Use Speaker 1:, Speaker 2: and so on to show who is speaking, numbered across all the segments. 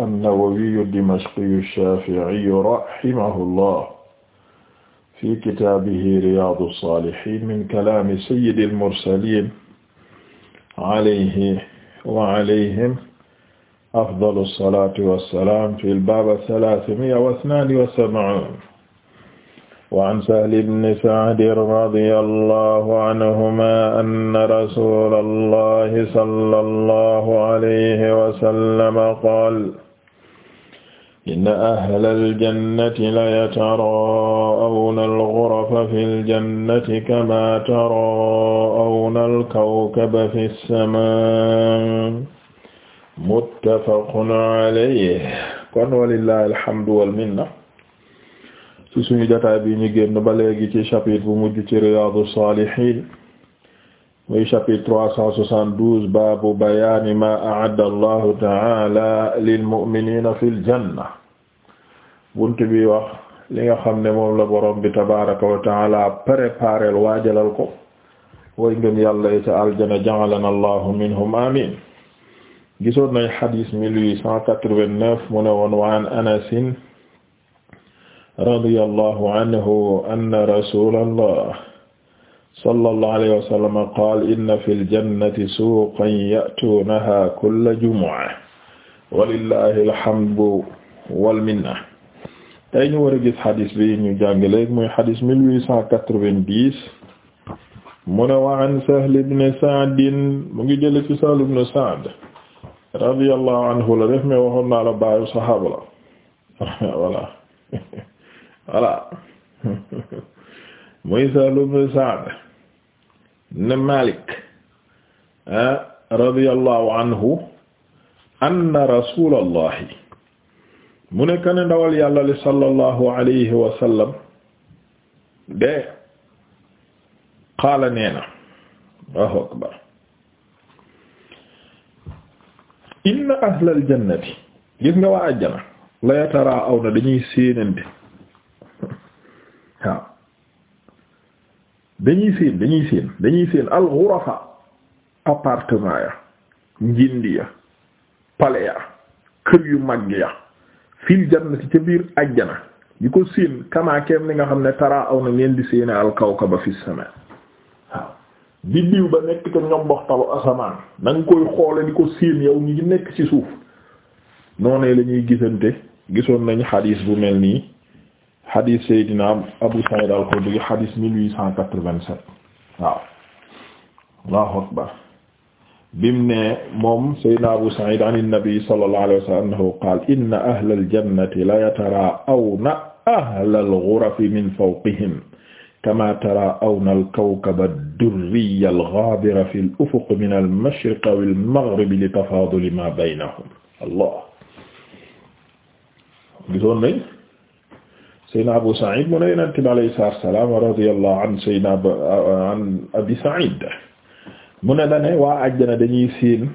Speaker 1: an-Nawawi ad-Dimashqi ash-Shafi'i rahimahullah fi kitaabihi Riyaadu as-Saalihiin min kalaami sayyidi al-mursaliin alayhi wa alayhim afdalu as-salaatu was-salaam fil baab ath-thalaathimi'a wa ithnaani wa sab'uun وعن سهل بن سعد رضي الله عنهما أن رسول الله صلى الله عليه وسلم قال إن أهل الجنة ليتراءون الغرف في الجنة كما تراءون الكوكب في السماء متفق عليه kon ولله الحمد والمنة ci suñu jotaay bi ñu génn ba léegi ci chapitre bu mujj ci Riyâdous-Sâlihîne muy chapitre trois cent soixante-douze baabu bayaani ma a'adda Allahu ta'ala lil mu'minina fil janna bunt bi wax li nga xam ne moom la borom bi tabaaraka wa ta'ala préparel waajalal ko way ngëm yàlla yi ca aljana ja'alana Allahu minhum amin gisoon nañ xadiis mille huit cent quatre-vingt-neuf mu ne woon radiyallahu anhu anna rasulallah sallallahu alayhi wa sallam qaala inna fil jannati suuqan ya'tuunahaa kulla jumu'a walillahi alhamdu wal minna tey ñu war a gis xadis bi ñu jàngale muy xadis 1890 mu ne wa an Sahl ibn Sa'd mu ngi jële ci Sahl ibn Sa'd radiyallahu anhu la def mais waxoon naa la baayu saxaaba la voilà voilà muy Sahl ibn Sa'd ibn Malik ah, radiyallahu anhu anna rasulallahi mu ne ka ne ndawal yàlla li sallallahu alayhi wa de qaala nee na Allahu akbar inna ahlal jannati gis nga waa àjjana la yataraa aw na dañuy dañuy séen dañuy séen dañuy séen al ghurafa appartement ya njindi ya palais ya kër yu mag ya fil jannati ca biir ajjana di ko séen kamaakeem li nga xam ne tara aw na ngeen di séene al ba fi sama waaw biddiw ba nekk ca ñomboxtalu asamaan na nga koy xoole di ko séen yow ngi nekk ci suuf noonee lañuy ñuy gisante gisoon nañu xadiis bu mel nii hadith Seydina Abu Sa'id al-Khudri hadith mille huit cent quatre-vingt-sept waaw Allahu akbar bim ne moom Seydina Abu Sa'id an an-nabi sallallahu alayhi wa sallam annahu qaala inna ahla al-jannati la yataraa'awna ahla al-ghurafi min fawqihim kama taraa'awna al-kawkaba ad-durriyya al-ghaabira fi al-ufuq min al-mashriqi aw al-maghribi li tafaaduli ma baynahum Allah gisoon nañ Seydina Abu Saïd mu ne Yonent bi alayhi salaatu wa salaam radiyallahu an Seydina an Abi mu ne dane waa àjjana dañuy seen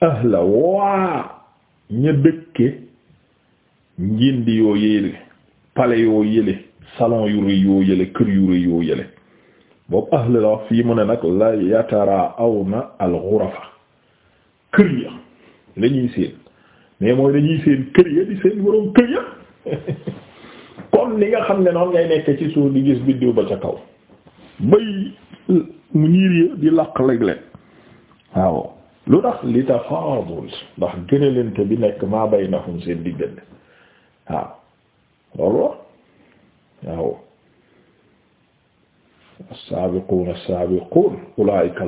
Speaker 1: ahla waa ña dëkke njindi yoo yéele palais yoo yéle salon yu rëy yoo kër yu rëy yoo boobu ahla la wax mu ne nag la yataraa al-ghurafa kër lañuy seen mais mooy dañuy seen kër di seen boroom kër comme li nga xam ne noonu ngay nekk ci suuf li gis biddiw ba ca kaw bay mu ñiir di laq léeg-léeg waaw lu tax li tafaadul ndax gënalente bi nekk maa baynahum seen diggante waaw loolu waaw as-saabiquun as-saabiquun ulaa'ika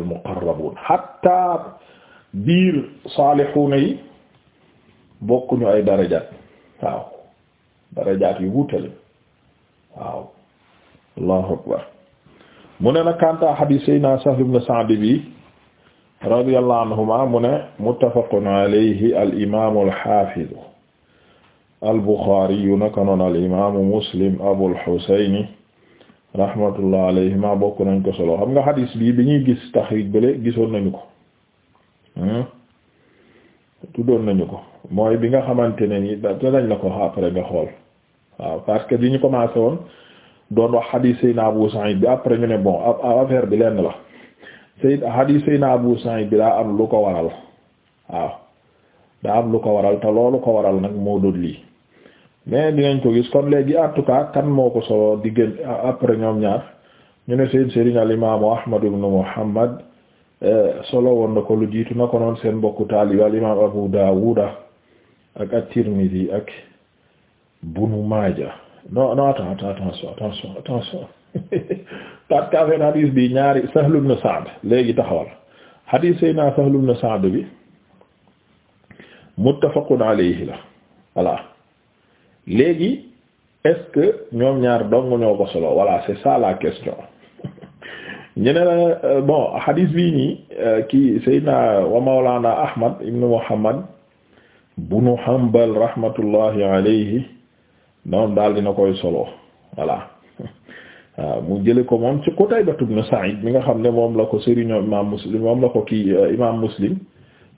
Speaker 1: biir saalixuuna yi bokkuñu ay darajaat waaw darajaat yu wuutale waaw allahu akbar mu ne nag kanta hadis sayna Sahl ibn Sa'd bi radiyallahu anhuma mu ne muttafaqun alayhi al imaamu al haafidu al Buxaari yu naka noonu al imaamu Muslim Abul Husayni rahmatullah alayhima bokk nañ ko solo xam nga hadis bii bi ñuy gis taxriij bële gisoon nañu ko hmm? tuddoon nañu ko mooy bi nga xamante ne ni da dañ la ko après nga xool waaw parce que bi ñu commencé woon doon wax hadith Seydina Abu Sa'id bi après ñu ne bon affaire bi lenn la Seydina hadith Seydina Abu Sa'id bi daa am lu ko waral waaw daa am lu ko waral te loolu ko waral nag moo doon lii mais dinañ ko gis kon léegi en tout cas kan moo ko solo diggante après ñoom ñaar ñu ne seen Serigne al imaamu Ahmad ibn Muhammad euh, solo woon na ko lu jiitu na ko noon seen mbokku taalibe al imaam Abu Daawuda ak at-Tirmidhi ak. bunu maaja non non attends attention attention attention parce que affaire bi ñaari Sahl ibn Sa'd léegi taxawal hadis Seydina Sahl ibn Sa'd bi muttafaqun alayhi la voilà léegi est-ce que ñoom ñaar dong ñoo ko solo voilà c'est ça la question ñu la euh, bon hadis bii nii euh, kii Seydina wa Mawlana Ahmad ibn Muhammad bunu Hanbal rahmatullahi alayhi noonu daal dina koy solo voilà waaw ah, mu jële ko moom ci Qutayba na Sa'id mi nga xam ne moom la ko sëriñoo imaam Muslim moom la ko kii euh, imaam Muslim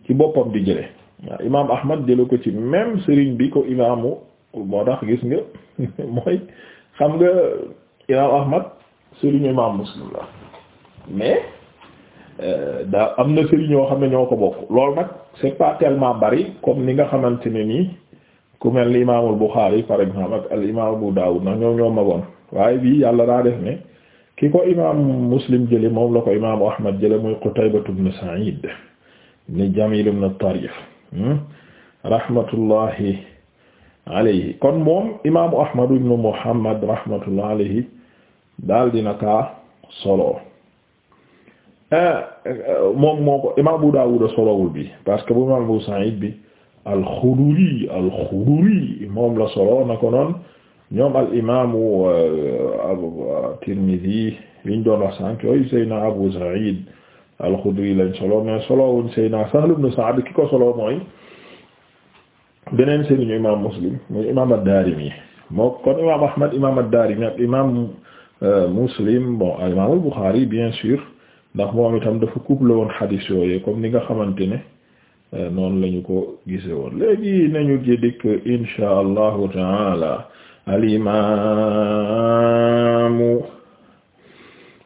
Speaker 1: ci boppam di jële waaw ah, imaam Ahmad jële ko ci même sëriñ bi ko imaamu moo tax gis nga mooy xam nga imaam Ahmad sëriñu imaam Muslim la mais euh, daa am na sëriñoo xam ne ñoo ko bokk loolu nag c'est pas tellement bari comme ni nga xamante ne nii ku mel ni imaamul Bukhari al imaam Abu Dawud nag ñoom ñoom magoon waaye bii yàlla daa def ne ki ko imaam Muslim jële moom la ko imaamu Ahmad jële muy Qutaybatu ibn Sa'id ibn Jamil ibn Tarif hmm? rahmatullahi alayhi kon moom imaamu Ahmad ibn Muhammad rahmatullahi alayhi daal dina kaa solo eh, eh, moom moo ko imaam Abu Dawud solowul bi parce que bu imaam Abu Sa'id bi al-Xuduri moom la solo na ko noon ñoom al imaamu euh, Tirmidi liñ doon wax sànq yooyu Seyna Abu Saïd al-Xudri lañ solo mais solo wuñ Seyna Sahl ibn Sa'd ki ko solo mooy beneen sëriñu imaam Muslim muy imaam ad-Daarimi moo kon imaam Ahmad imaam ad-Daarimi ak imaam euh, Muslim bon imaam al-Buxaari bien sûr ndax moom itam dafa couple woon xadiis yooyu comme ni nga xamante ne. Euh, noonu lañu ko gise woon léegi nañu ci dikk insha allahu taala al imaamu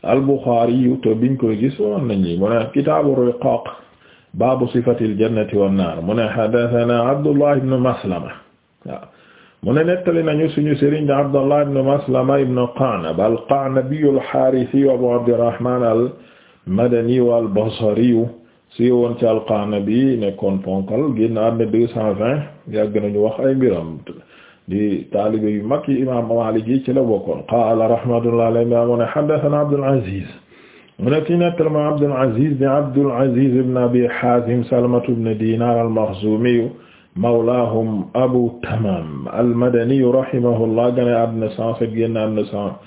Speaker 1: al Buxaari te biñ koy gis woon nañu mu ne kitaabu riqaaq baabu sifatil jannati wan naar mu ne haddasanaa Abdullah ibn Maslama waaw mu ne nettali nañu suñu Abdullah ibn Maslama al-Qa'nabi al al-Madani si woon ci Alqanabi nekkoon ponkal génnaat ne deux cent vingt yàgg nañu wax ay mbiram di taalibe yu mag yi imaam Maalik yi ci la bokkoon qaala rahmatullahi alayhi mu ne haddathana Abdul Aziz mu ne kii nettal ma Abdul Aziz bi Abdul Aziz ibn Abi Haazim Salamatu ibn Diinaar al-Makhzuumiyu mawlaahum Abu Tamaam al-Madaniyu rahimahullah gane àddina cent sept génn àddina cent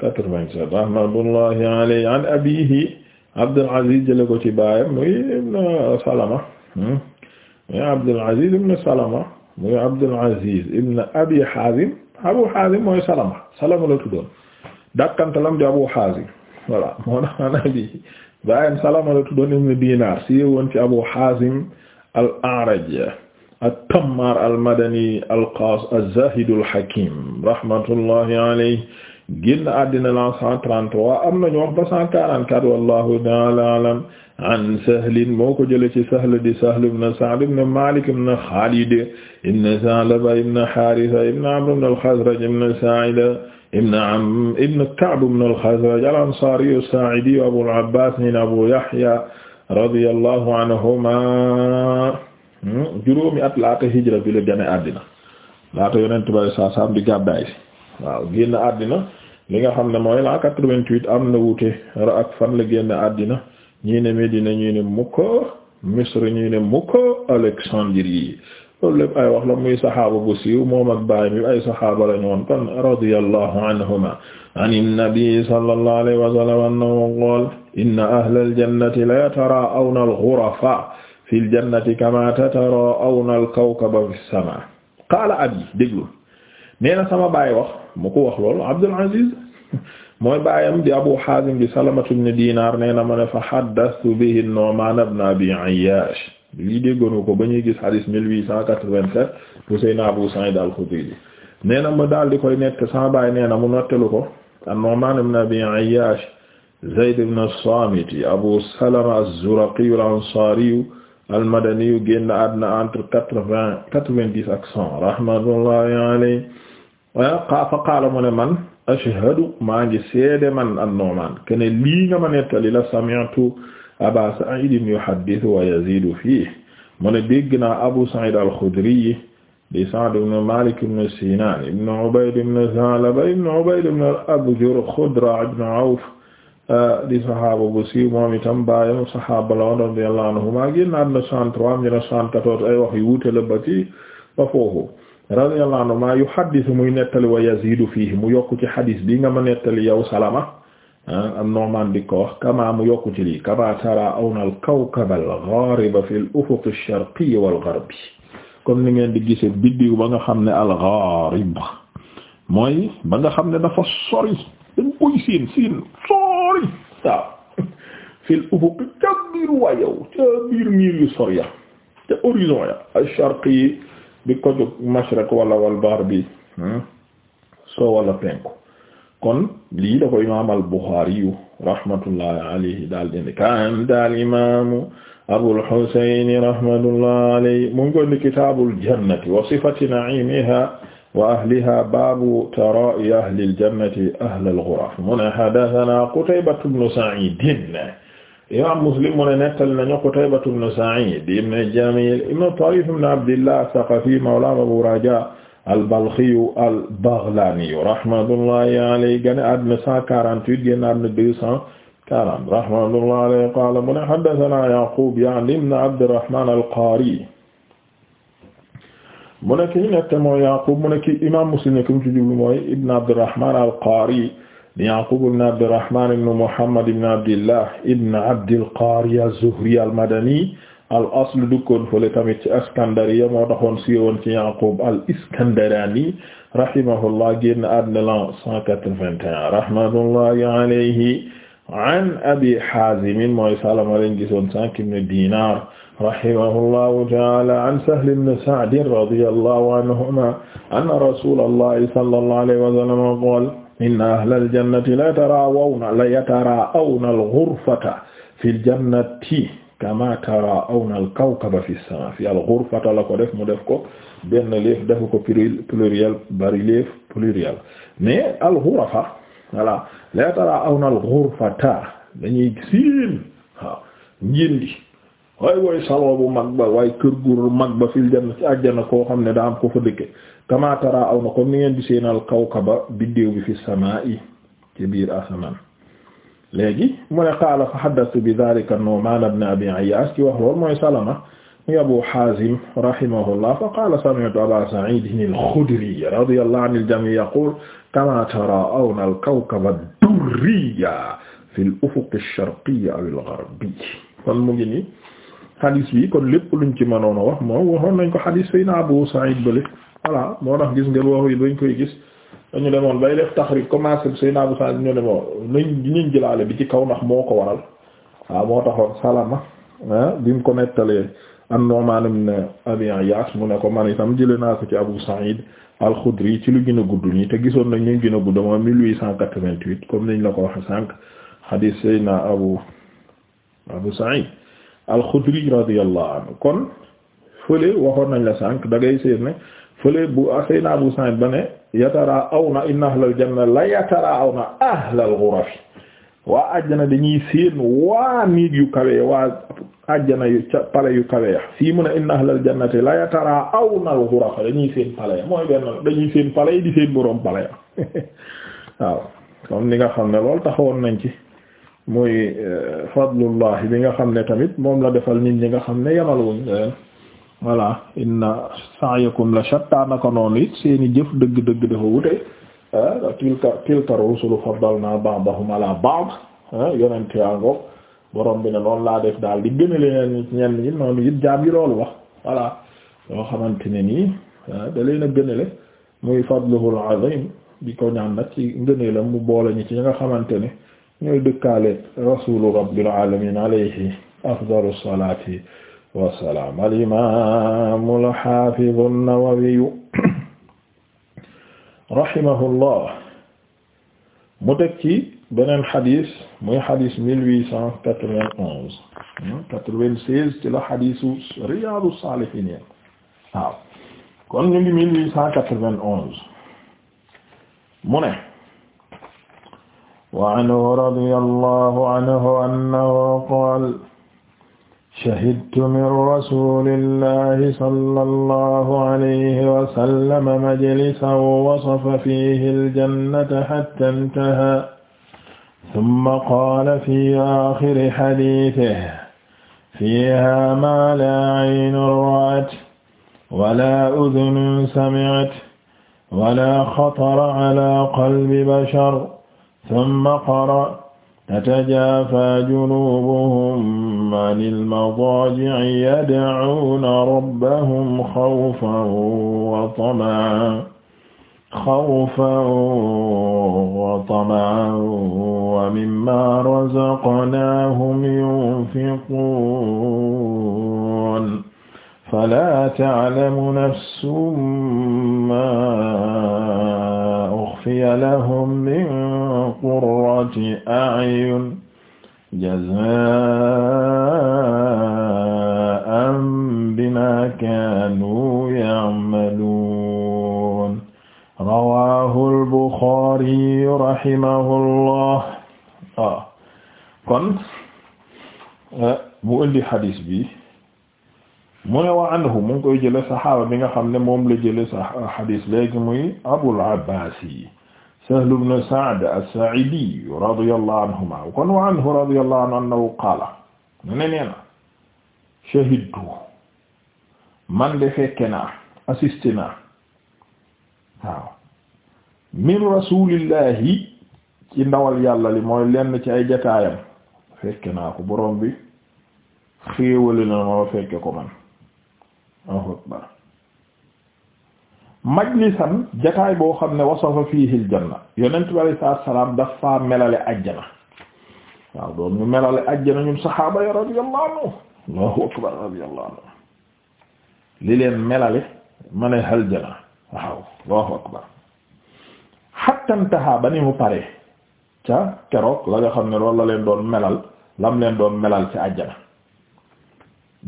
Speaker 1: quatre-vingt-sept rahmatullahi alayhi an abiihi Abdul Aziz jële ko ci baayam muy ibn Salama hmm? muy Abdul Aziz ibn Salama muy Abdul Aziz Abi Hazim Abu Hazim mooy Salama Salama la tuddoon dakkantalam di Abu Hazim voilà moo tax baayam Salama la tuddoon ibn Dinar si woon ci Abu Hazim al-A'raj at-Tammar al rahmatullahi alayhi génn àddina la 133 am nañu wax ba 144 wallahu ta'ala alam an sahlin moo ko jële ci sahl di sahl ibn Sa'd ibn Malik ibn Khalid ibn Tha'laba ibn Haritha ibn Amr ibn al-Khazraj ibn Sa'ida ibn Amr ibn Ka'b ibn al-Khazraj al-Ansari as-Sa'idi Abu al-Abbas ibn Abu Yahya radiyallahu anhuma juróomi at laata hijra bi la gane àddina laata yonent bi saa saam di gàddaay waaw génn àddina li nga xam ne mooy la 88 am na wuute ak fan la génn àddina ñii ne Médina ñii ne mukk Misr ñii ne mukk Alexandrie loolu lépp ay wax la muy saxaaba bu siiw moom ak baay mi ay saxaaba la ñoon kon radiyallahu anhuma an nabi sallallahu alayhi wa sallam annahu qaala inna ahla aljannati la yataraa'awna alghurafa fi aljannati kama tataraa'awna alkawkaba fi as-samaa qaala abi déglu nee sama baay wax mu ko wax lool Abdul Aziz mooy baayam di Abu Hazim bi Salamatu ibn Dinar nee na ma ne fa haddastu bihi Nu'man ibn Abi Ayyash lii déggoonu ko ba ñuy gis hadis 1887 bu Seydina Abu Sa'id al-Khudri nee na ma daal di koy nett sama baay nee na mu nottelu ko an-Nu'man ibn Abi Ayyash Zayd ibn as-Samit Abu Salama az-Zuraqi al-Ansari al-Madani génn àddina entre quatre vingt dix ak cent rahmatullahi fa qaala mu ne man ashhadu maa ngi seede man an-Nu'man kene lii nga ma nettali la sami'tu Aba Sa'id yuhaddithu wa yazidu fiihi mu ne dégg naa Abu Sa'id al-Khudri di Sa'd ibn Malik ibn Sinan ibn Ubayd ibn Tha'laba ibn Ubayd ibn al-Abjar Khudra ibn Awf ah, di sahaaba bu siiw moom itam baayam sahaaba la woon radiyallahu anhuma génn na 103 114 ay wax yu wuute la ba ci ba foofu radiyallahu anhu ma yuhaddisu muy nettali wa yazidu fiihi mu yokku ci xadis bi nga ma nettali yow salama ah, am Nu'man kama mu yokku ci lii kama tara awna al kawkab fi al al sharqi wal gharbi ni ngeen di gise biddiw ba nga xam ne al gharib mooy ba xam ne dafa sori dañ koy siin siin sori fi al ufuq ca biir waa yow ca al sharqi bi ko jóg mashriq wala wal garbi hmm, soo wala penku kon lii da ko imaam al Buxaari rahmatullahi alayhi daal dindi kan daal imaamu Abul Husayn rahmatullahi alayhi mu ngi ko indi kitaabul jannati wa sifati na'iimihaa wa ahlihaa baabu taraa'i ahlil jannati ahlal ghuraf mu ne haddathanaa Qutaybatu bnu Sa'iid imam Muslim mu ne nettali nañu Qutaybatu ibn Sa'id ibn Jamil ibn Tarif ibn Abdillah Thaqafi mawla Abu Raja al-Balkhi al-Baghlani rahmatullahi alayhi génn àddina 148 génn àddina 240 rahmatullahi alayhi qala mu ne haddathana Yaqub ya'ni ibn Abdirrahman al-Qari mu ne ki ñu nette mooy Yaqub mu ne ki imam Muslim ne ko mu ci jublu mooy ibn Abdirrahman al-Qari Yaqub ibn Abdirrahman ibn Muhammad ibn Abdillah ibn Abdil Qaari az-Zuhri al-Madani al-asl dëkkoon fële tamit ci Iskandariya moo taxoon siiwoon ci Yaqub al-Iskandarani rahimahullah génn àddina la 181 rahmatullahi alayhi an Abi Haazim mooy Salama lañ gisoon sànq ibn Dinar rahimahullahu ta'ala an Sahl ibn Sa'd radiyallahu anhuma anna rasulallahi sallallahu alayhi wa sallam qaala inna ahlal jannati la yatarawna la yatarawna al-ghurfata fil jannati kama tarawna al-kawkaba fis sama fi al-ghurfata la ko def mu def ko benn léef def ko pluriel bari léef pluriel mais al-ghurfa voilà la yatarawna al-ghurfata dañuy siin waaw njindi way way salon bu mag ba way kër gu mag ba fil janna ci àjjana koo xam ne daa am ko fa dëkke kama tara aw na comme ni ngeen di seenal kawkaba biddéew bi fi samaa'i ci biir asamaan léegi mu ne qaala fa haddathtu bi dhalika Nu'man ibn Abi Ayyash ci wax lool mooy Salama muy Abu Hazim rahimahullah fa qaala sami'tu Aba Sa'id al-Khudri radiyallahu anil jami' yaqul kama tara'awna al-kawkaba ad-durriya fil ufuq ash-sharqiyya aw al-gharbiyya kon mu ngi nii hadis bi kon lépp luñ ci mënoon a wax moom waxoon nañ ko hadis sayna Abu Sa'id bële voilà moo tax gis ngeen wax yi bañ koy gis dañu demoon bay def taxrib commencé bi sayna Abu Sa'id ñu demoon nañ ñu bi ci kaw ndax moo ko waral waaw moo taxoon Salama ah, bi mu ko nettalee an-Nu'man ibn Abi Iyas mu ne ko man itam jëlee naa ko ci Abu Sa'id al-Khudri ci lu gën a gudd nii te gisoon nañ ñu gën a gudd moom 1888 comme niñ la ko waxee sànq hadis sayna Abu Abu Sa'id al-Xudri radiyallahu kon fële waxoon nañ la sànq da ngay seet ne fële bu Seydina Abu Sa'id ba ne yataraawna inna ahlal janna la yataraawna ahlal ghurafi waa àjjana dañuy seen waa niig yu kawe waa àjjana yu pale yu kawe ya fii mu ne inna ahlal jannati la yataraawna al ghurafa dañuy seen pale ya mooy benn dañuy seen pale yi di seen boroom pale ya waaw comme ni nga xam ne loolu taxawoon nañ ci muy euh, fadlullah bi nga xam ne tamit moom la defal nit ñi nga xam ne yamal wuñ leen voilà inna sa'yakum la shatta naka noonu it seeni jëf dëgg-dëgg dafa wute ah, tilka tilka rusulu faddalna ba'dahum ala ba'd ah, yonent yaa ngoog borom bi ne lool laa def daal di gën a leen ñenn ñi noonu it jaam yi loolu wax voilà yoo xamante ne nii ah, da leen a gënale muy fadluhul azim di ko ñaan nag ci ngëneelam mu boole ñi ci nga xamante ne ñooy dëkkaale rasulu rabbil alamin alayhi afdalu salati wasalaam al imam al hafiz an-Nawawi rahimahullah mu teg ci beneen xadis muy xadis mille huit cent quatre-vingt-onze hmm, quatre-vingt-seize ci la xadisu Riyâdous-Sâlihîne yi waaw kon ñu ngi mille huit cent quatre-vingt-onze mu ne وعنه رضي الله عنه أنه قال شهدت من رسول الله صلى الله عليه وسلم مجلسا وصف فيه الجنة حتى انتهى ثم قال في آخر حديثه فيها ما لا عين رأت ولا أذن سمعت ولا خطر على قلب بشر ثم قرأ تتجافى جنوبهم عن المضاجع يدعون ربهم خوفا وطمعا خوفا وطمعا ومما رزقناهم ينفقون فلا تعلم نفس ما أخفي لهم من قرة أعين جزاء بما كانوا يعملون رواه البخاري رحمه الله kon bu indi hadiis bi mu wa anhu mu ngi koy jële saxaaba mi nga xam ne moom la jële sa xadis léegi muy Abul Abbaas Sahl ibn Sa'd as-Saa'idi radiyallahu anhuma kon wa anhu radiyallahu anhu annahu qaala ne nee na shahidtu man de fekke naa assisté naa waaw min rasulillahi ci ndawal yàlla li mooy lenn ci ay jataayam fekke naa ko borom bi xéewale na ma fekke ko man Allahu akbar majlisan jataay boo xam ne wasafa fiihi aljanna yonent bi alayhi salaatu salaam dafa melale ajjana waaw doon ñu melale ajjana ñun saxaaba ya radiyallahu anhu Allahu akbar radiyallahu anhu li leen melale ma ne aljana waaw Allahu akbar hatta intaha ni mu pare ca keroog la nga xam ne lool la leen doon melal lam leen doon melal ci ajjana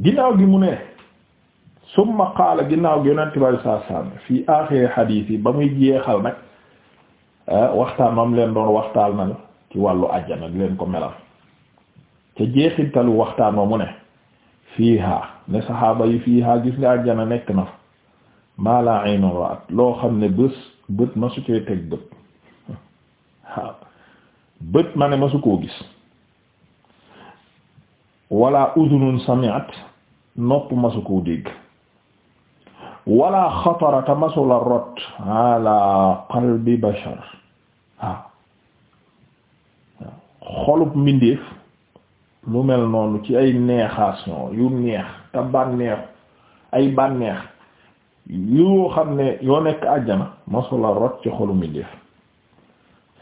Speaker 1: ginnaaw gi mu ne summa qaala ginnaaw gi yonent bi saa saam fii aaxiri xadiis yi ba muy jeexal nag ah, waxtaan mam leen doon waxtaan na ci wàllu àjjana leen ko melal te jeexintalu waxtaan ma mu ne fiiha ne saxaaba yi fiiha gis nga àjjana nekk na fa maa laa aynun ra'at loo xam ne bës bët ma su cee teg bët bët ma ne ma su koo gis wala udunun sami'at nopp ma su koo dégg wala xatara ta masula rot ala qalbi bashar waaw xolub mbindeef lu mel noonu ci ay neexation yu neex te bànneex ay bànneex yoo xam ne yoo nekk àjjana masula rot ci xolu mbindeef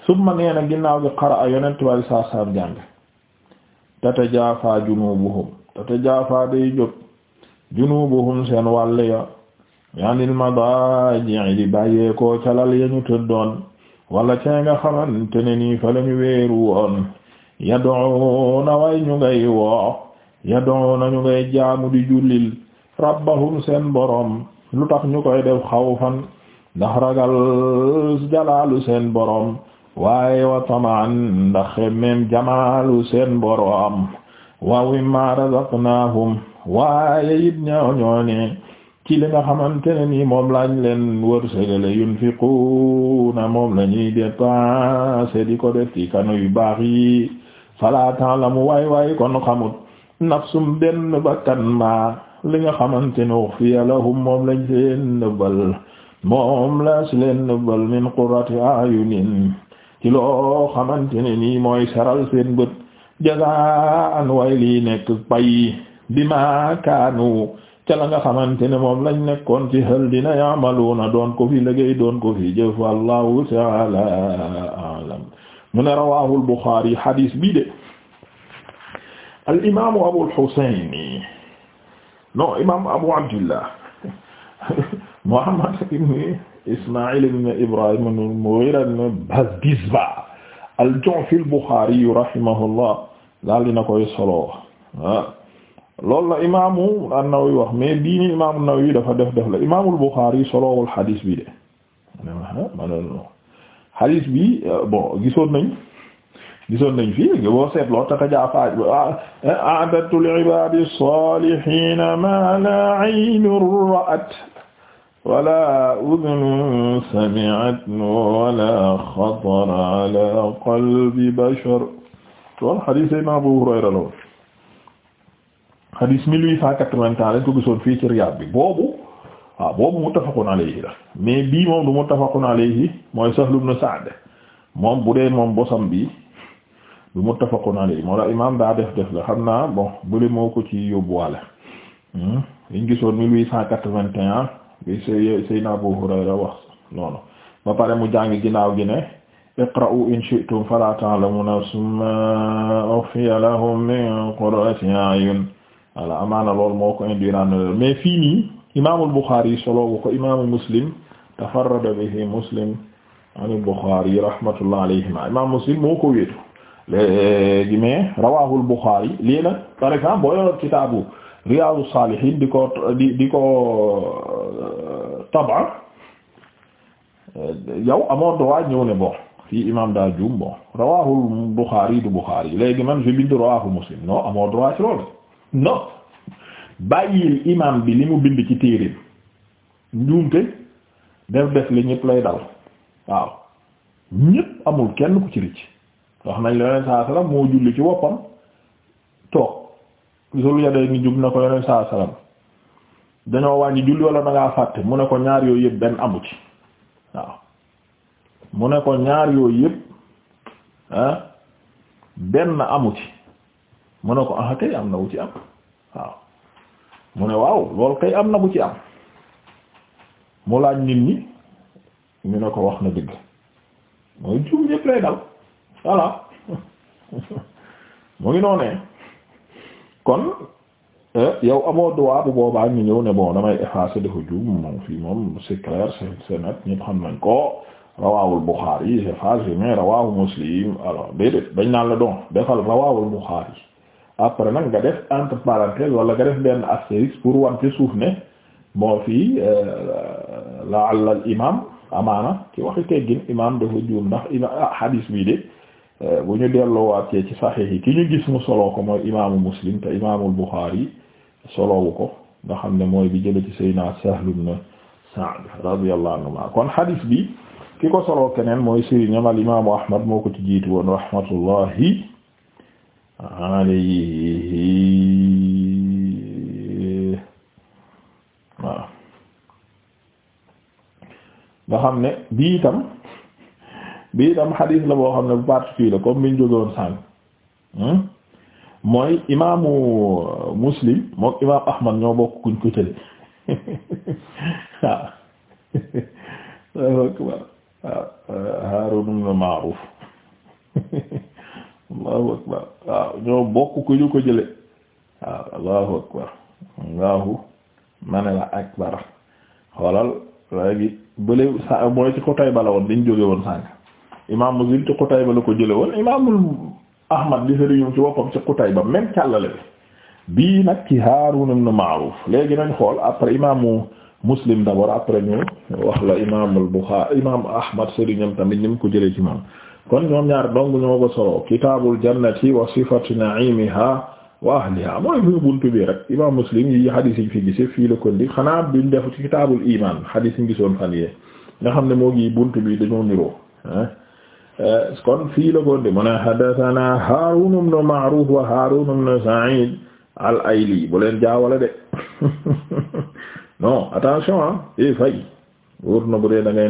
Speaker 1: summa nee na ginnaaw gi qara a yonent bari saa saam jàng tatajaafaa junubuhum tatajaafaa day jóg junubuhum seen wàll ya yanil madaaji di bàyyeekoo calal yañu tëddoon wala cee nga xamante ne nii fa lañu weeru woon yadoona way ñu ngay woo yadoona ñu ngay jaamu di jullil rabbahum seen boroom lu tax ñu koy def xawfan ndax ragal jalaalu seen boroom waaye wa tamaan ndax xemmem jamaalu seen boroom wa mimmaa razaqnaahum waaye yit ñoo ci li nga xamante ne nii moom laañ leen wërsëgale yunfiquuna moom la ñuy dépenser di ko def ci yu baax yi fala ta'lamu waay waay kon xamut nafsum benn bakkan ma li nga xamante ne ukhfiya lahum moom lañ seen nëbbal moom la si leen nëbbal min qurrati a'yunin ci loo xamante ne nii mooy saral seen bët jazaan way lii nekk pay bi ma ca la nga xamante ne moom lañ nekkoon ci hal dina doon ko fi liggéey doon ko fi jëf wallahu ta'ala a'lam mu ne rawahu al-Bukhari hadis bi de al imaamu Abu Abdillah Muhammad ibn Isma'il ibn Ibrahim ibn al solo ah. loolu la imaamu an-Nawawi wax mais bii nii imaamu an-Nawawi dafa def def la imaamul Buxaari solowul xadiis bi de maneno ah, xadiis bi euh, bon gisoon nañ gisoon nañ fi boo seetloo tatajaafa ah, a'dadtu li'ibaadi saalihiina maa laa 'aynun ra'at wala udhunun sami'at wala xatara ala qalbi bashar loolu xadiis Abu Hurayra la xadis 1880 lañ ko gisoon fii ci Riyad bi boobu waaw boobu muttafaqun alayhi la mais bii moom du muttafaqun alayhi mooy Sahl ibn Sa'd moom bu dee moom bosam bi du muttafaqun alayhi moo la imam daa def def la xam naa bon bële moo ko ci yóbbuwaale hmm? liñ gisoon 1881 bi Seydina Abu Hurayra wax noonu ba pare mu jàng ginnaaw gi ne iqra'u in shi'tum fala ta'lamuna summa ukhfiya lahum min qurrati a'yun voilà amaana loolu moo ko indi naan mais fii nii imaamul solo bu ko imaamu Muslim tafarrada bihi Muslim an al-Bukhari rahmatullah alayhima imaam Muslim moo ko wéetu léegi mais rawaahul Bukhari lii nag par exemple boo yor kitaabu Riyadou Salihine di ko di di ko tabax yow amoo droit ñëw ne bon fii imaam daa juum bon rawaahul Bukhari du Bukhari léegi man je bind rawaahu Muslim non amoo droit ci loolu. non bàyyil imam bi li mu bind ci téereem njuumte def def li ñëpp lay dal waaw ñëpp amul kenn ku ci ricc wax nañ la yoneen saa salaam moo julli ci woppam toog sul yadee ni jub na ko yoneen saa salaam dañoo wàññi julli wala na fàtte mu ne ko ñaar yooyu yëpp benn amu ci waaw mu ne ko ñaar yooyu yëpp ah, benn amu ci mu ne ko ah kay am na bu ci am waaw mu ne waaw loolu kay am na bu ci am mu laaj nit ñi ñu ne ko wax na dëgg mooy juum ñépp lay dal voilà mu ngi noonee kon eh, yow amoo droit bu boobaa ñu ñëw ne bon damay effacer dafa juum moom fii moom c'est clair c'est net ñépp xam nañ ko rawaawul Bukhari j'efface mais rawaahu Muslim alors déedéet dañ naan la doon defal rawaawul Bukhari après nag nga def entre wala nga def benn astérisque pour wan ci suuf ne moo fii euh, la al imam amaana ki waxi teggin imam dafa juum ndax ima ah, hadis bii de euh, bu ñu delloowaatee ci saxiix yi ki ñu gis mu soloo ko mooy imaamu muslim te imaamul buxaari soloowu ko nga xam ne mooy bi jële ci sayna Sahl ibn Sa'd radiyallahu anhu kon hadis bi ki ko soloo keneen mooy sëriñam al imaamu ahmad moo ko ci jiitu woon rahmatullahi alayhi waaw nga xam ne bii itam bii itam xadiis la boo xam ne bu particulier comme biñ jógewoon sànq hmm? mooy imaamu muslim moom imaam ahmad ñoo bokk kuñ ko tële waaw waaw Haarun ibn Ma'ruf allahu akbar waaw ñoo bokk ku ñu ko jële waaw allahu akbar allahu manela akbar xoolal léegi bële sa mooy ci Qutayba la woon dañ jóge woon sànq imam Muslim ci Qutayba la ko jële woon imamul Ahmad di sëriñum ci boppam ci Qutayba même càllale bi bii nag ci Haarun ibn Ma'ruf léegi nañ xool après imamu Muslim d'abord après ñu wax la imamul Bukhari imam Ahmad sëriñam tamit ni mu ko jëlee ci moom kon ñoom ñaar dong ñoo ko solo kitaabul jannati wa sifatu naimiha wa ahliha mooy fi buntu bi rek imam muslim yi hadis yi fi gise fii la kon di xanaa kitaabul iman hadis yi gisoon fan yee nga xam ne moo ngi bunt bi dañoo niroo euh, kon fii la kon di mu ne hadathana harun ibn ma'ruf wa harun ibn sa'id al ayli bu jaawale de non attention ah eh fay wóor na bu dee da ngay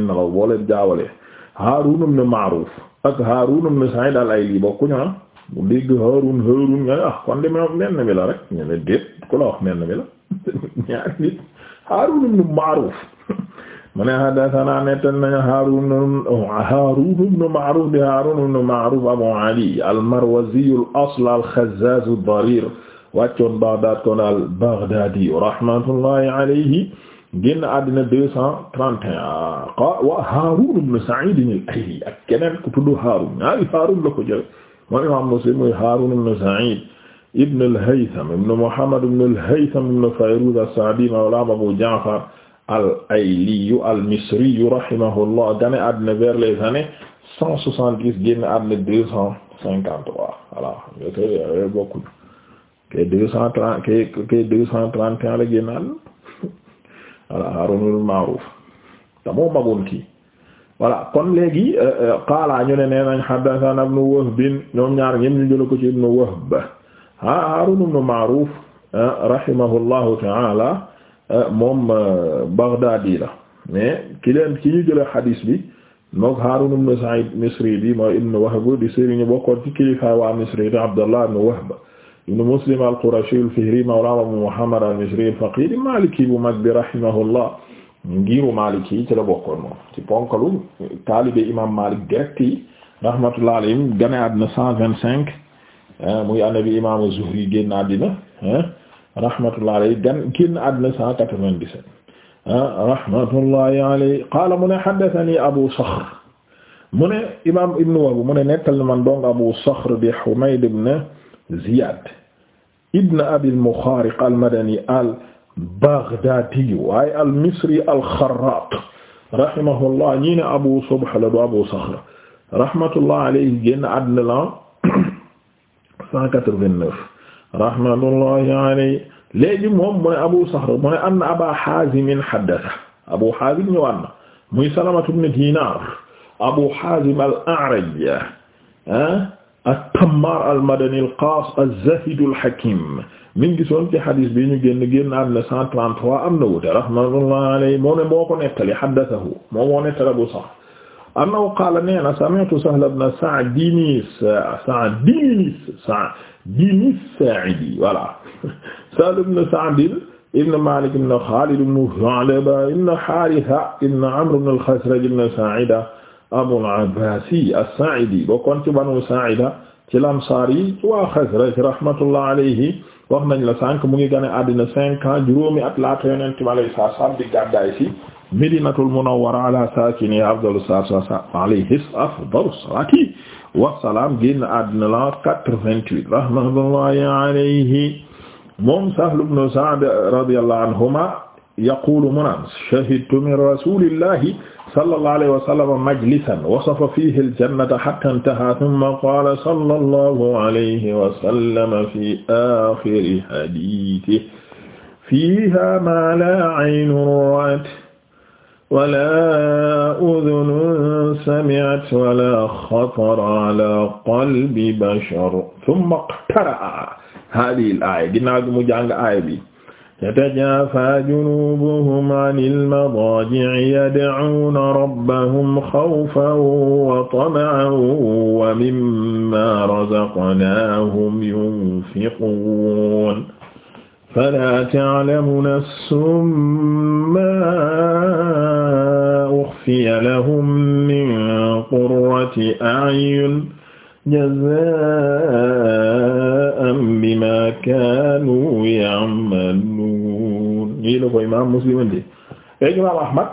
Speaker 1: jaawale harun ibn ma'ruf ak Haarun ibn Sa'id al-Ayli bokkuñu ah mu ah, kon de moom menn mi la ku la wax menn mi mu ne haddathana nettan nañu Haarun oh, Haarun ibn Ma'ruf di Haarun ibn Abu Ali al-Marwazi al al-Khazzaz ad-Darir Baghdad kon al-Baghdadi rahmatullahi alayhi génn àddina deux cent trente et un wa Haarun ibn Sa'id al-Ayli ak keneen ku tudd Haarun ñaari Haarun la ko jël Muslim mooy Haarun ibn Sa'id ibn al-Haytham Muhammad ibn al-Haytham ibn Fayruz as Abu Ja'far al-Ayli al-Misri rahimahullah génn àddina vers les années cent soixante-dix génn àddina deux cent cinquante-trois voilà bokkuñu ke deux cent trente ke deux cent trente et un la génn àddina voilà Haarunul Ma'ruuf te moo magoon kon léegi euh, euh, qaala ñu ne nee nañ haddathana ibnu Wahb ñoom ñaar ñépp ñu jël ko ci ibnu Wahb Haarun ibnu Ma'ruuf euh, rahimahullahu ta'ala moom Baghdadi la mais ki leen ki ñu jëlee hadis bi mook Haarun ibnu Sa'id Misri bi mooy ibnu Wahb di sëriñu bokkoon ci waa Misri di Abdallah ibnu Wahb ibn Muslim al-Qurashi al-Fihri mawla Abu Muhammad al-Misri al-Faqir Maliki bu mag bi rahimahullah ngiru Maliki yi ci la bokkoon moom ci ponkalu taalibe imam Malik direct yi rahmatullah alayhim gane àddina cent vingt-cinq eh, muy année bi imam Zuhri génn àddina eh, rahmatullah alayhi gan génn àddina cent quatre-vingt-dix-sept eh, rahmatullahi alayhi qaala mu ne haddathani Abu Sakhr mu ne imam Ibn Wahb mu ne nettal man dong Abu Sakhr bi Humayd ibn Ziyad ibn abil muxaariq almadani al baghdadi waaye al misri al xarraat rahimahullah ñii ne abu subh la du abu saxr rahmatullah alayhi génn àddina la 189 rahmatullahi alayhi léegi moom mu ne abu saxr mu ne anna aba xaazimin haddasa abu xaazim ñëwaat na muy salamatu ibn diinaar abu xaazim al a'raj ah, at-Tammaar al-Madani al-Qaas az-Zaahid al-Hakiim mi ngi gisoon ci xadis bi ñu génn génn am na 133 am na wuute rahmatullahi alayhi moo ne moo ko nettali haddathahu moo moo nettali bu sax annahu qaala nee na sami'tu Sahl ibn Sa'dini Sa'dini Sa'dini Saa'idi voilà Sahl ibn Sa'din ibn Maalik ibn Xaalid ibn Tha'laba ibn Haaritha ibn Amr ibn al-Khazraj ibn Saa'ida Abul Abbaasi as-Saa'idi bokkoon ci Banu Saa'ida ci Ansaar yi ci waa Xasraj rahmatullah alayhi wax nañ la sànq mu ngi gane àddina cinq ans juróomi at laata Yonent bi alayhi salaam di gàddaay ci Madinatul Munawwara ala saakinihaa afdalu salaati alayhi afdalu salaati wa salaam génn àddina la quatre-vingt-huit rahmatullahi alayhi moom Sahl ibn Sa'd radiyallahu anhuma yaqulu mu naan shahidtu min rasulillahi sallallahu alayhi wa sallam majlisan wasafa fihi aljannata hatta intaha thumma qala sallallahu alayhi wa sallam fi akhiri hadithihi fiha ma la aynun ra'at wala udhunun sami'at wala khatara ala qalbi bashar thumma iqtara'a hadhihi al-aya ginnaaw gi mu jàng aaya bi تتجافى جنوبهم عن المضاجع يدعون ربهم خوفا وطمعا ومما رزقناهم ينفقون فلا تعلم نفس ما أخفي لهم من قرة أعين jazaa'an bimaa kaanu ya'maluun nii la ko imaam Muslim indi léegi imaam Ahmad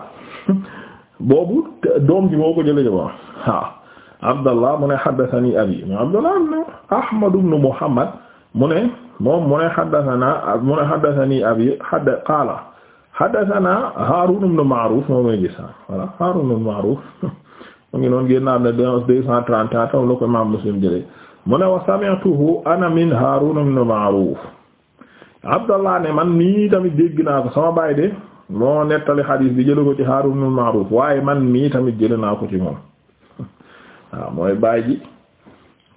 Speaker 1: boobu doom bi moo ko jëlee waaw Abdallah mu ne haddathanii abii mu Abdallah ibn Ahmad ibn Muhammad mu ne moom mu ne haddathanaa mu ne haddathanii abii hadda qaala haddathanaa Haaruun ibn Ma'ruuf moom la gis voilà Haaruun ibn Ma'ruuf mu ngi noon génnaam ne deux cent trente et un la ko imam Muslim jëlee mu ne wa sami'tuhu ana min Haaruna ibn Ma'ruuf Abdallah ne man mii tamit dégg naa ko sama baay de moo nettali xadiis bi jële ko ci Haaruna ibn waaye man mii tamit jële naa ko ci moom waaw mooy baay ji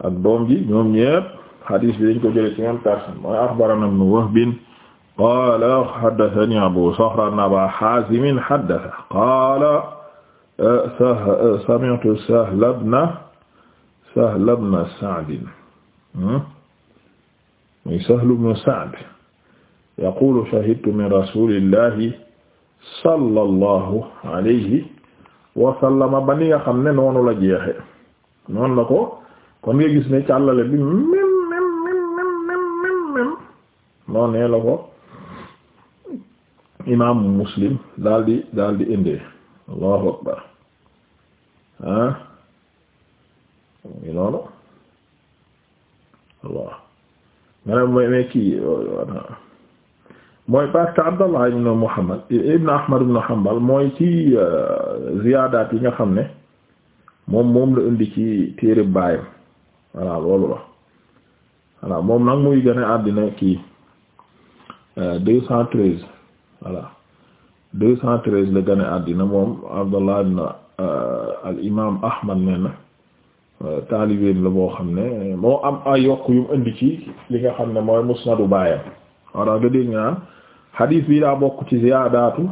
Speaker 1: ak doom ji ñoom ñépp xadiis bi dañ ko jële ci même personne mooy axbarana ibn Wahb qaala haddathani Abu Saxr an Abaa Haazim haddatha qaala sami'tu Sahl ibn Sahl ibn Sa'd muy Sahl ibn Sa'd yaqulu shahidtu min rasulillahi sallallahu alayhi wa sallama ba ni nga xam ne noonu la jeexe noonu la ko kon nga gis ne càllale bi même même même même même même noonu nee la ko imaamu Muslim daal di daal di indee allahu akbar ah loolu waaw maanaam mooy mais kii mooy parce que Muhammad ibn Ahmad ibn Hanbal mooy ci euh, ziyaadaat yi nga xam ne moom moom la indi ci téere baayam voilà loolu la voilà moom nag muy gën a àddina kii euh, deux cent treize voilà deux cent treize la gën a àddina moom Abdallah ibn Euh, al imaam Ahmad nee na euh, taalibeen la boo xam ne moo am ay yokk yu indi ci li nga xam ne mooy musnadu baayam wara nga a nga xadiis bi daa bokk ci ziyaadaatu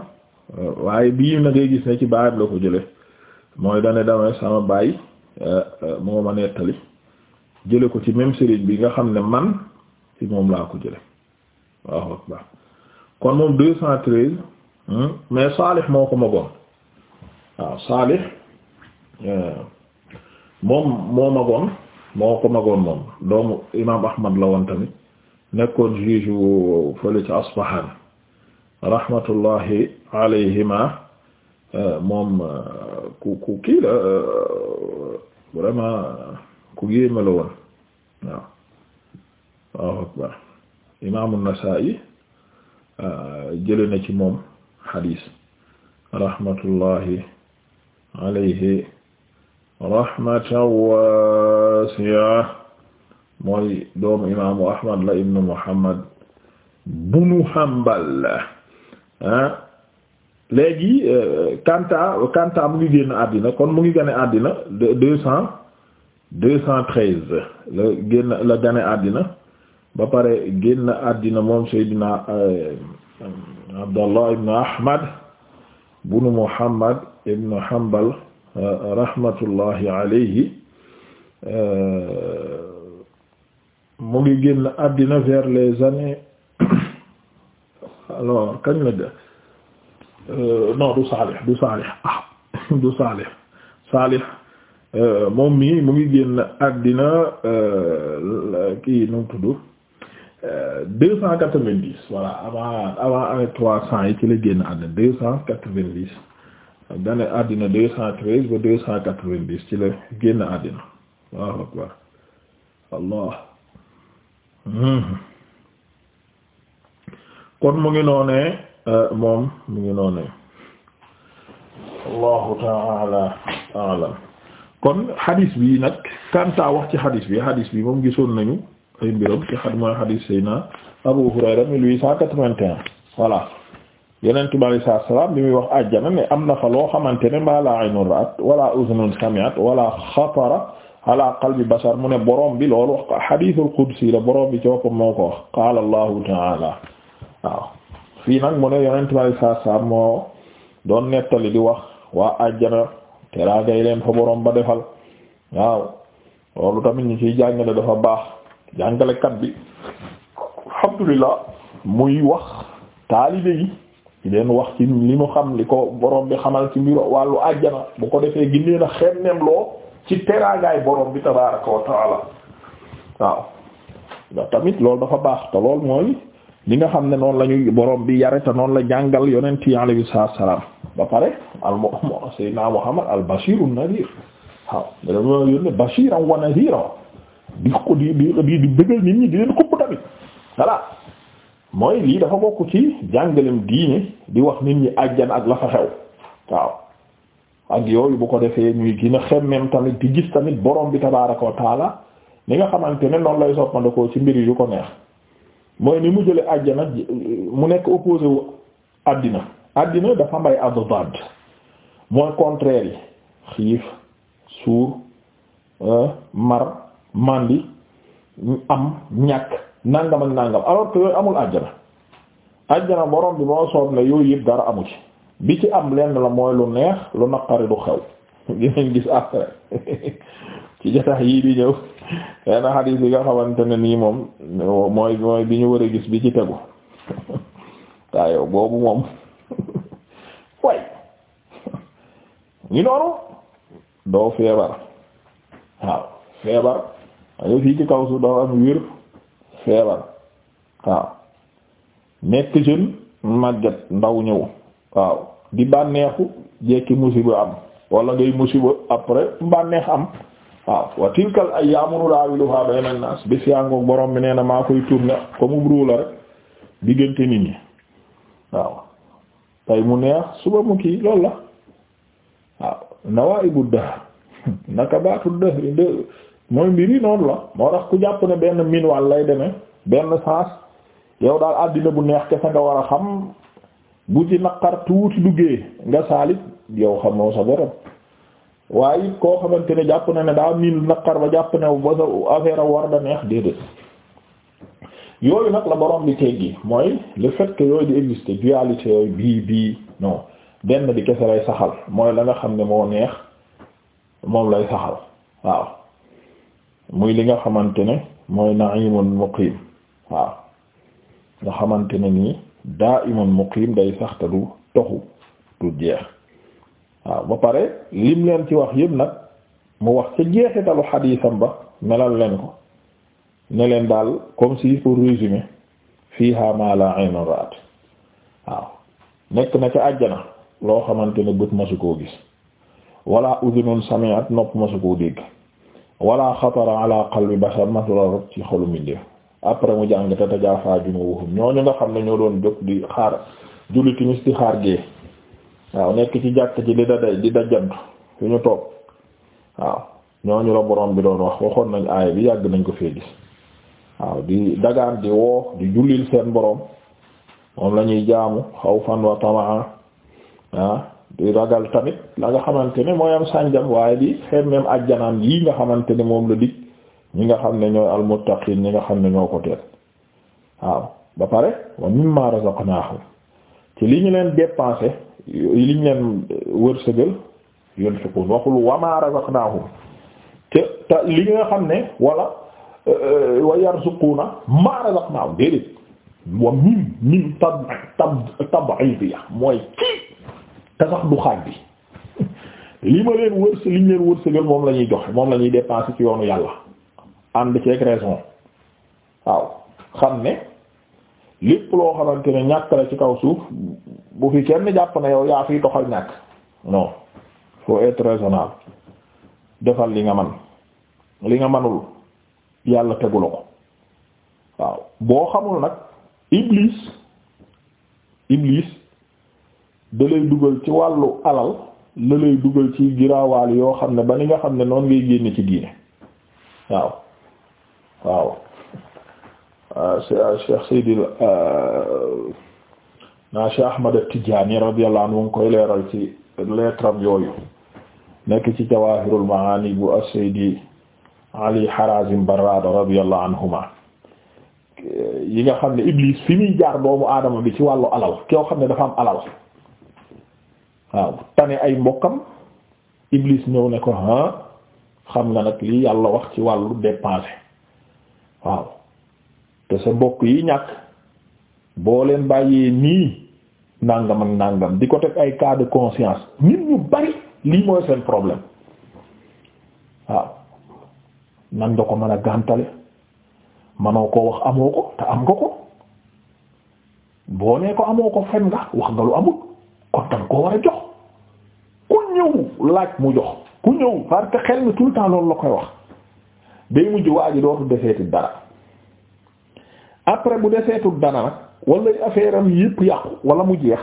Speaker 1: euh, waaye bii na ngay gis ne ci baayam la ko jële mooy dane dama sama baay moo ma nettali jële ko ci même sëriñ bi nga xam ne man ci moom laa ko jële waaw waaw kon moom hmm, mais Saalih moo ko magoon waaw Salih euh, moom moo magoon moom doomu imaam Ahmad la woon tamit nekkoon juge wu fële ci Asbahan rahmatullahi alayhima euh, moom euh, ku ku kii la vraiment ku yéeme la woon waaw akbar imaamu Nasaa'i jële na ci moom xadiis rahmatullahi alayhi rahmatan wasi'a mooy doomu imaamu ahmad la ibnu muhammad bunu hambal ah, léegi euh, kanta kanta mu ngi génn àddina kon mu ngi gane àddina deux cent deux cent treize la génn la gane àddina ba pare génn àddina moom seydina euh, abdallah ibnu ahmad bunu Muhammad ibn Hanbal eh, rahmatullahi alayhi eh, mu ngi génn àddina vers les années alors kañ la de eh, non du Salih du Salih ah du moom mii mu ngi génn àddina kii nu tudd Euh, deux cent quatre-vingt-dix voilà avant avant trois cent yi ci la génn àddina deux cent quatre-vingt-dix dane àddina deux cent treize ba deux cent quatre-vingt-dix ci la génn àddina Allahu akbar Allah hmm. kon mu ngi noonee euh, moom mu ngi noonee Allahu ta'ala a'lam kon hadis bi nag kanta wax ci hadis bi hadis bi moom gisoon nañu ay mbiram ci xadma hadis sayna Abu Hurayra 1881 voilà yeneen tubaab salaam bi muy wax àjjana ne am na fa loo xamante ne maa laa aynun ra'at wala uznun sami'at wala xatara ala qalbi bashar mu ne borom bi loolu hadithul qudsi la borom bi ci moo ko wax qaala Allahu ta'ala waaw fii nag mu ne yeneen tubaab yi salaam moo doon nettali di wax waa àjjana teraanga yi leen fa borom ba defal waaw loolu tamit ñu ciy jàngale dafa baax. jàngalekat bi alhamdulillah muy wax taalibe yi leen wax ci li mu xam li ko borom bi xamal ci mbiro wàllu àjjana bu ko defee gindee na xemmeem loo ci teraangaay borom bi tabaaraka wa taala waaw da tamit loolu dafa baax te lool mooy li nga xam ne noonu la ñu bi yare te noonu la jàngal yonent yi alayhi salaam ba pare al mo sayyidina Muhammad al bashiru nadir waaw dañoo yónne bashiran wa nadiran di ko di di di bëggal nit ñi di leen xupp tamit voilà mooy lii dafa bokk ci jàngalem diine di wax nit ñi àjjan ak la fa xew waaw ak yooyu bu ko defee ñuy gën a xemmem tamit di gis tamit borom bi tabaaraka wa taala ni nga xamante ne noonu lay soppandikoo ci mbir yu ko neex mooy ni mu jële àjjana mu nekk opposé wu àddina àddina dafa mbay adobad mooy contraire yi xiif suur euh, mar mandi am ñàkk nangam ak nangam alors yooyu amul àjjana àjjana borom bi moo soob ne yooyu yëpp dara amu ci bi ci am lenn la mooy lu neex lu naqari du xew dinañ gis après ci jotax yii di ñëw yenn xadiis bi nga xamante ne nii moom mooy mooy bi ñu war a gis bi ci tegu taa yow boobu moom way ñu doo feebar waaw feebar waaye fii ci kaw su dafa am wér feebar waaw nekk jeune màgget ndaw ñëw waaw di bànneexu jekki musiba am wala ngay musiba après bànneex am waaw wa tilkal ayyaamu nudaawiluhaa bayna naas bis yaa ngoog borom bi nee maa koy tourné comme ruu la rek diggante nit ñi waaw tey mu neex suba mu kii loolu la waaw nawaa'ibu dahr nakabaatu dahr mooy mbir yi noonu la moo tax ku jàpp ne benn minwal lay demee benn sens yow daal àddina bu neex kese nga war a xam bu ci naqar tuuti duggee nga saalit yow xamoo sa borom waaye it koo xamante ne jàpp na ne daa miin naqar ba jàpp ne ba sa affaire a war da neex déedéet yooyu nag la borom bi teggi mooy le fait que yooyu di exister dualité yooyu bii bii non benn bi kese lay saxal mooy la nga xam ne moo neex moom lay saxal waaw muy li nga xamante ne mooy na'imun muqiim waaw nga xamante ne nii daa'imun muqiim day sax te du toxu du jeex waaw ba pare lim leen ci wax yëpp nag mu wax ca jeexitalu xadiisam ba melal leen ko ne leen daal comme si pour résumer fiha ma la aynun ra'at waaw nekk na ca àjjana loo xamante ne bët masu koo gis wala udhunun sami'at nopp masu koo dégg wala xatara ala qalbi bashar matula rot ci xolu mindéef après mu jàng te tajaafa junubuhum ñooñu nga xam ne ñoo doon jóg di xaar julli timis di xaar gée waaw nekk ci jàkk ci di da di dajantu fi ñu toog waaw ñooñu la borom bi doon wax waxoon nañ aaya bi yàgg nañ ko fee gis waaw di dagaan di woo di jullil seen boroom moom lañuy ñuy jaamu xawfan wa tamaa ah di ragal tamit la nga xamante ne mooy am sànjam waaye di xeet même ajjanaam yi nga xamante ni moom la dig ñi nga xam ne ñoo almuttaqin ñi nga xam ne ñoo ko teel waaw ba pare wa mimma razaqnahum ci li ñu leen dépensé li ñu leen wërsëgal yunfiqun waxul te te li nga xam ne wala euh, wa yarzuquna ma razaqnahum déedéet wa mim mim tab tab tabidiya mooy te sax du xaaj bi li ma leen wërs liñ leen wërsëgal moom la ñuy joxe moom la ñuy dépenser ci yoonu yàlla ànd ceeg raison waaw xam ne lépp loo xamante ne ñàkk la ci kaw suuf bu fi kenn jàpp na yow yaa fiy doxal ñàkk non faut être raisonnable defal li nga man li nga manul yàlla tegu ko waaw boo xamul nag iblis da dugal ci wàllu alal la dugal ci giraawaal yoo xam ne ba ni nga xam ne noonu ngay génne ci diine waaw waaw ah, ah, Cheikh Seydi ah, naa Cheikh Ahmad At-Tijaani radiyallahu anhu ngi koy leeral ci leetram yooyu nekk ci Jawaahirul Maani bu as-Seydi Ali Harazim Barrada radiyallahu anhuma yi nga xam ne Iblis fi muy jaar doomu aadama bi ci wàllu alal koo xam ne dafa am alal waaw tane ay mbokkam iblis ñëw ne ko ah xam nga nag lii yàlla wax ci wàllu dépensé waaw te sa mbokk yi ñàkk boo leen bàyyee nii nàngam ak nàngam di ko teg ay cas de conscience nit ñu bari lii mooy seen problème waaw nan nga ko mën a gàntale manoo koo wax amoo ko te am nga ko boo nee ko amoo ko fen nga wax nga lu amul kon tam koo war a jox ñëw laaj mu jox ku ñëw parce que xel mi tout le temps la koy wax day mujj waa dootu deseeti dara après bu deseetul dara nag wala affaire am yëpp yàqu wala mu jeex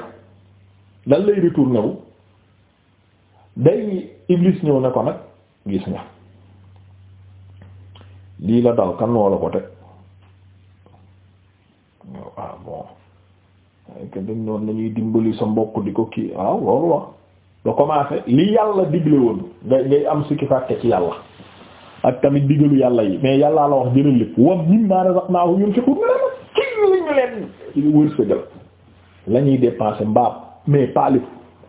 Speaker 1: lan lay retourné wu day iblis ñëw ne ko nag gis nga lii la dal kan moo la ko teg waaw bon ay que dañ noonu lañuy dimbali sa mbokk di ko kii waaw loolu wax nga commencé li yàlla digle woon nga ngay am sikki fàkke ci yàlla ak tamit digalu yàlla yi mais yàllaa la wax jëral lépp wam ñim maa razaqnaahu yunfiqun ci li ñu leen wërsëgal la ñuy dépenser mbaab mais palif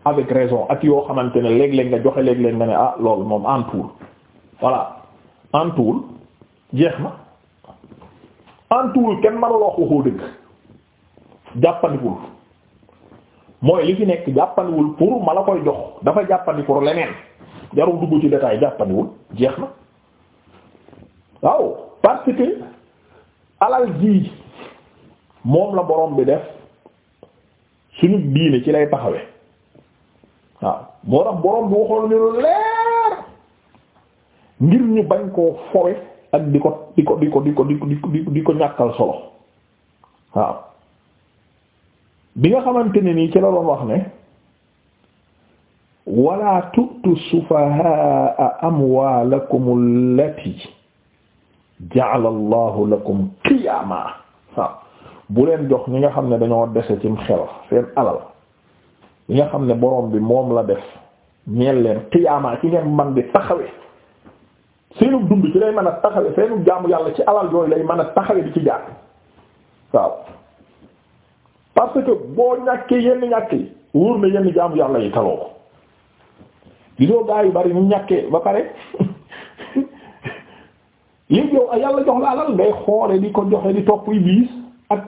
Speaker 1: avec raison ak yoo xamante ne léeg-léeg nga joxe léeg-léeg nga ne ah loolu moom entour voilà entour jeex na entour kenn mënul wax waxoo dëgg jàppandikul mooy li fi nekk jàppandiwul pour ma la koy jox dafa jàppandi pour leneen jarul dugg ci détail jàppandiwul jeex na waaw parce alal ji moom la borom bi def suñu diine ci lay taxawe waaw moo tax borom bi waxoon lu leer ngir ñu bañ koo fowe ak di ko di ko di ko di ko di ko di ko di ko ñàkkal solo waaw bi nga xamante ne nii ci la doon wax ne wala tu'tu sufahaa amwaalakum allati ja'ala allahu lakum qiyaama bu leen jox ñi nga xam ne dañoo dese cim xel seen alal li nga xam ne borom bi moom la def ñeel leen qiyaama ci ngeen man di taxawe seenu dund ci lay mën a taxawe seenu jàmm yàlla ci alal yooyu lay mën a taxawe di ci jaar waaw parce que boo ñàkkee yenn ñàkk yi wóor na yenn jaamu yàlla yi taloo ko gisoo gaa yu bari ñu ñàkkee ba pare léegi yàlla jox la ngay xoole di ko joxe di topp iblis ak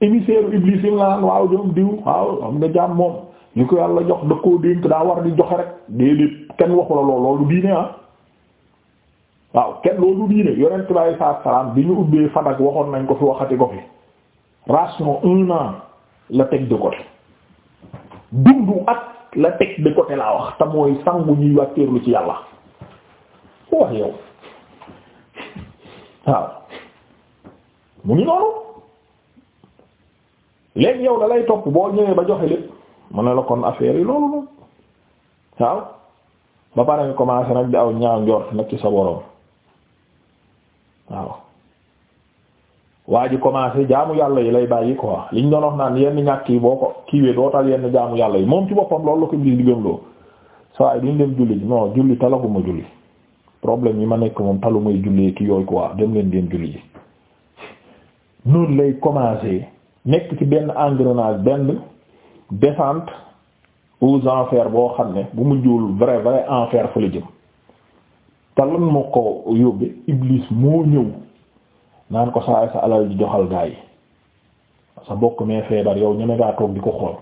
Speaker 1: émissaire iblis yi mu naan waaw ñoom diw waaw am jaam moom ñu ko yàlla jox da koo dénk daa war di joxe rek déedéet kenn waxu la lool loolu diine ah waaw kenn loolu diine yonent bi sallallahu alayhi wasallam bi ñu ubbee Fadak waxoon nañ ko fi waxati ko fi. ration un an la teg de côté dundu at la teg de côté laa wax te mooy sangu ñuy wàcceerlu ci yàlla wax yow waaw mu ngi noonu léegi yow da lay topp boo ñëwee ba joxe lépp mu ne la kon affaire yi loolu noonu waaw ba pare nga nag di aw ñaaw njort nag ci sa boroom waaw waa ji commencé jaamu yàlla yi lay bàyyi quoi liñ doon wax naan yenn ñàkk yi boo ko kiiwee dootal yenn jaamu yàlla yi moom ci boppam loolu ko bis di gëmloo saa yi duñ dem julli ji non julli talaguma julli problème ma nekk moom may jullee ki yooyu quoi dem leen dem noonu lay commencé nekk ci benn engrenage benn descente aux enfers boo xam ne bu mujjul vrai vrai enfer fa la jëm te lan moo ko yóbbe Iblis moo ñëw naan ko saay sa alal ji joxal gaa yi sa bokk mee feebar yow ñeme ngaa toog di ko xool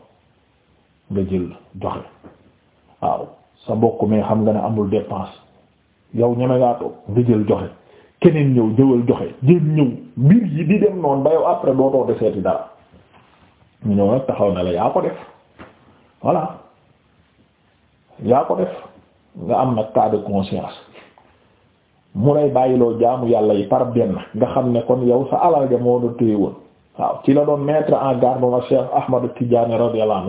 Speaker 1: nga jël joxe waaw sa bokk mee xam nga ne amul dépense yow ñeme ngaa toog nga jël joxe keneen ñëw jëwal joxe jël ñëw mbir yi di dem noonu ba yow après dootoo deseeti dara ñu ñëw nag taxaw na la yaa ko def voilà yaa ko def nga am nag cas de conscience mu lay bàyyiloo jaamu yàlla yi par benn nga xam ne kon yow sa alal ga moo doon woon waaw ci la doon mettre en garde ma Cheikh Ahmadu Tidiane radiyallahu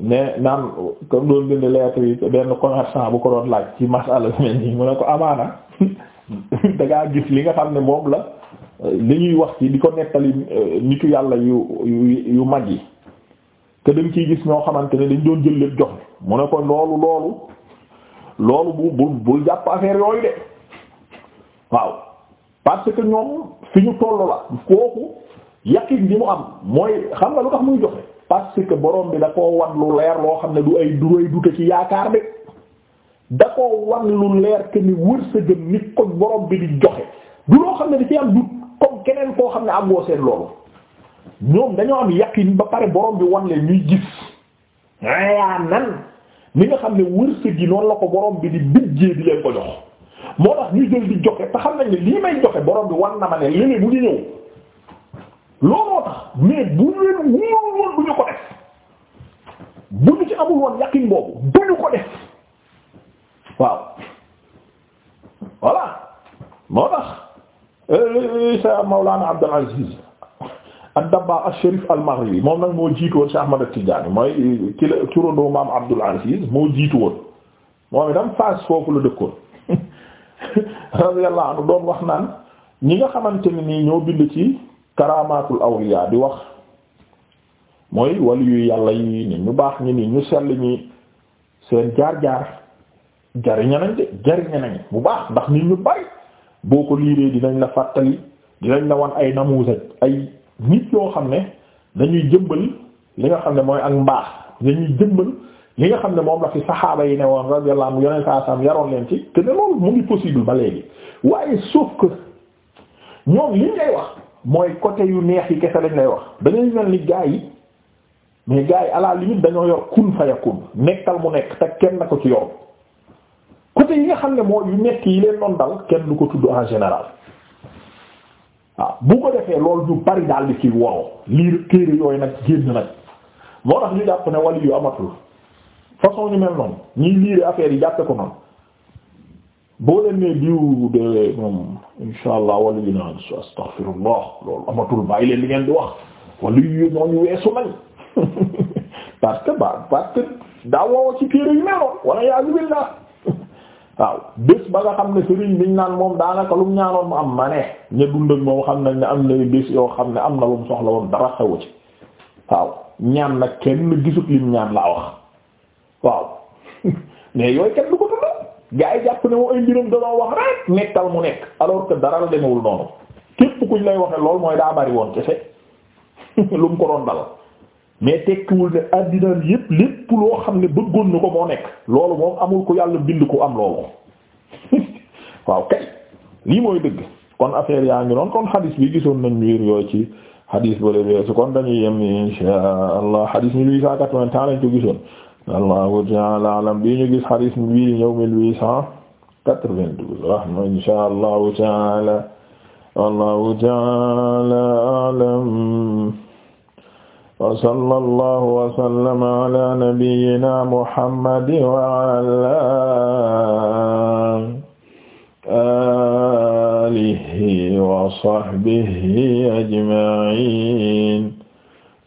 Speaker 1: anhu naan comme doon bind lettre yi benn commerçant bu ko doon laaj ci masala mel nii mu ne ko amaana da gis li nga xam ne moom la li ñuy wax ci di ko nettali euh, nitu yàlla yu yu yu mag yi te dañ ciy gis ñoo xamante ne dañ doon jël lépp jox mu ne ko loolu loolu loolu bu bu bul jàpp affaire yooyu waaw parce que ñoom fi ñu tollu la kooku yaqin bi mu am mooy xam nga lu tax muy joxe parce que borom bi da koo wan lu leer loo xam ne du ay duray dute ci yaakaar bi da koo wan lu leer que ni wërsëgëm nit ko borom bi di joxe du loo xam ne da ci am dut comme keneen koo xam ne am seen loolu ñoom dañoo am yaqin ba pare borom bi wan leen ñuy gis nan mi nga xam ne wërsëg yi noonu la ko borom bi di bijjee di leen ko jox moo tax ñu jël di joxe te xam nañ ne lii may joxe borom bi war na ma ne léeg-léeg mu ngi ñëw looloo tax mais bu leen wóorul woon du ñu ko def bu ñu ci amul woon yaqin boobu du ñu ko def waaw voilà moo tax sa euh, Mawlana Abdul Aziz ad-Dabbagh ash-Sharif al-Maghribi moom nag moo jiitu woon Cheikh Ahmad at-Tidiane mooy ki la turandoo maam Abdul Aziz moo jiitu woon moom itam Fass foofu la dëkkoon yàlla anhu doon wax naan ñi nga xamante ne nii ñoo bind ci karamaatul awliya di wax mooy waliyu yàlla yi ni ñu baax ñi nii ñu sell ñi seen jaar-jaar jariña nañ de jariña nañ bu baax ndax nit ñu bari boo ko liiree dinañ la fàttali dinañ la wan ay namuusaj ay nit yoo xam ne dañuy jëmbal li nga xam ne mooy ak mbaax dañuy jëmbal li nga xam ne moom la fi saxaaba yi ne woon radiyallahu anhu yoneen saa saam yaroon leen ci te loolu mu ngi possible ba léegi waaye sauf que ñoom liñ lay wax mooy côté yu neex yi kese lañ lay wax dañuy mel ni gaa yi mais gaa yi à la limite dañoo yor kun fayakun nekkal mu nekk te kenn na ko ci yoon côté yi nga xam ne mooy yu nekk yi leen doon dal kenn du ko tudd en général waaw bu ko defee loolu ñu bari daal di ciy woroo lii téere yooyu nag génn nag moo tax ñu jàpp ne wali yu amatul. façon ñu mel noonu ñiy liire affaire yi jàppe ko noonu boo leen ne diw de moom insha allah wala li naan astaghfirullah loolu amatul bàyyi leen li ngeen di wax wala yu ñooñu weesu nañ parce que ba parce que daa woowo ci téere yu mel noonu wala yaa billah waaw bés ba nga xam ne sëriñ biñ naan moom daanaka lu mu ñaanoon mu am manee ña dund moom xam nañ ne am na bés xam ne am na lu mu soxla woon dara xewu ci waaw ñaan nag kenn gisut lim ñaan laa wax waaw mais yooyu kenn du ko tudd gaa jàpp ne moo ay mbiram da doon wax rek nekkal mu nekk alors que dara la demewul noonu képp kuñ lay waxe lool mooy daa bari woon kese lu mu ko doon dal mais tekkiwul ne àddinaan yépp lépp loo xam ne bëggoon na ko moo nekk loolu moom amul ku yàlla bind ku am loolu waaw kay lii mooy dëgg kon affaire yaa ngi noonu kon xadis bi gisoon nañ wiir yooyu ci xadis ba lebeesu kon dañuy yem ni insha allah xadis 1880 lañ ko allahu taala alam bi ñu gis xadis bi ñëw mille huit cent quatre-vingt-douze rahma insha allahu taala allahu taala alam wa sallallahu wa sallama ala nabiyyina muhammad wa ala alihi wa sahbihi ajma'in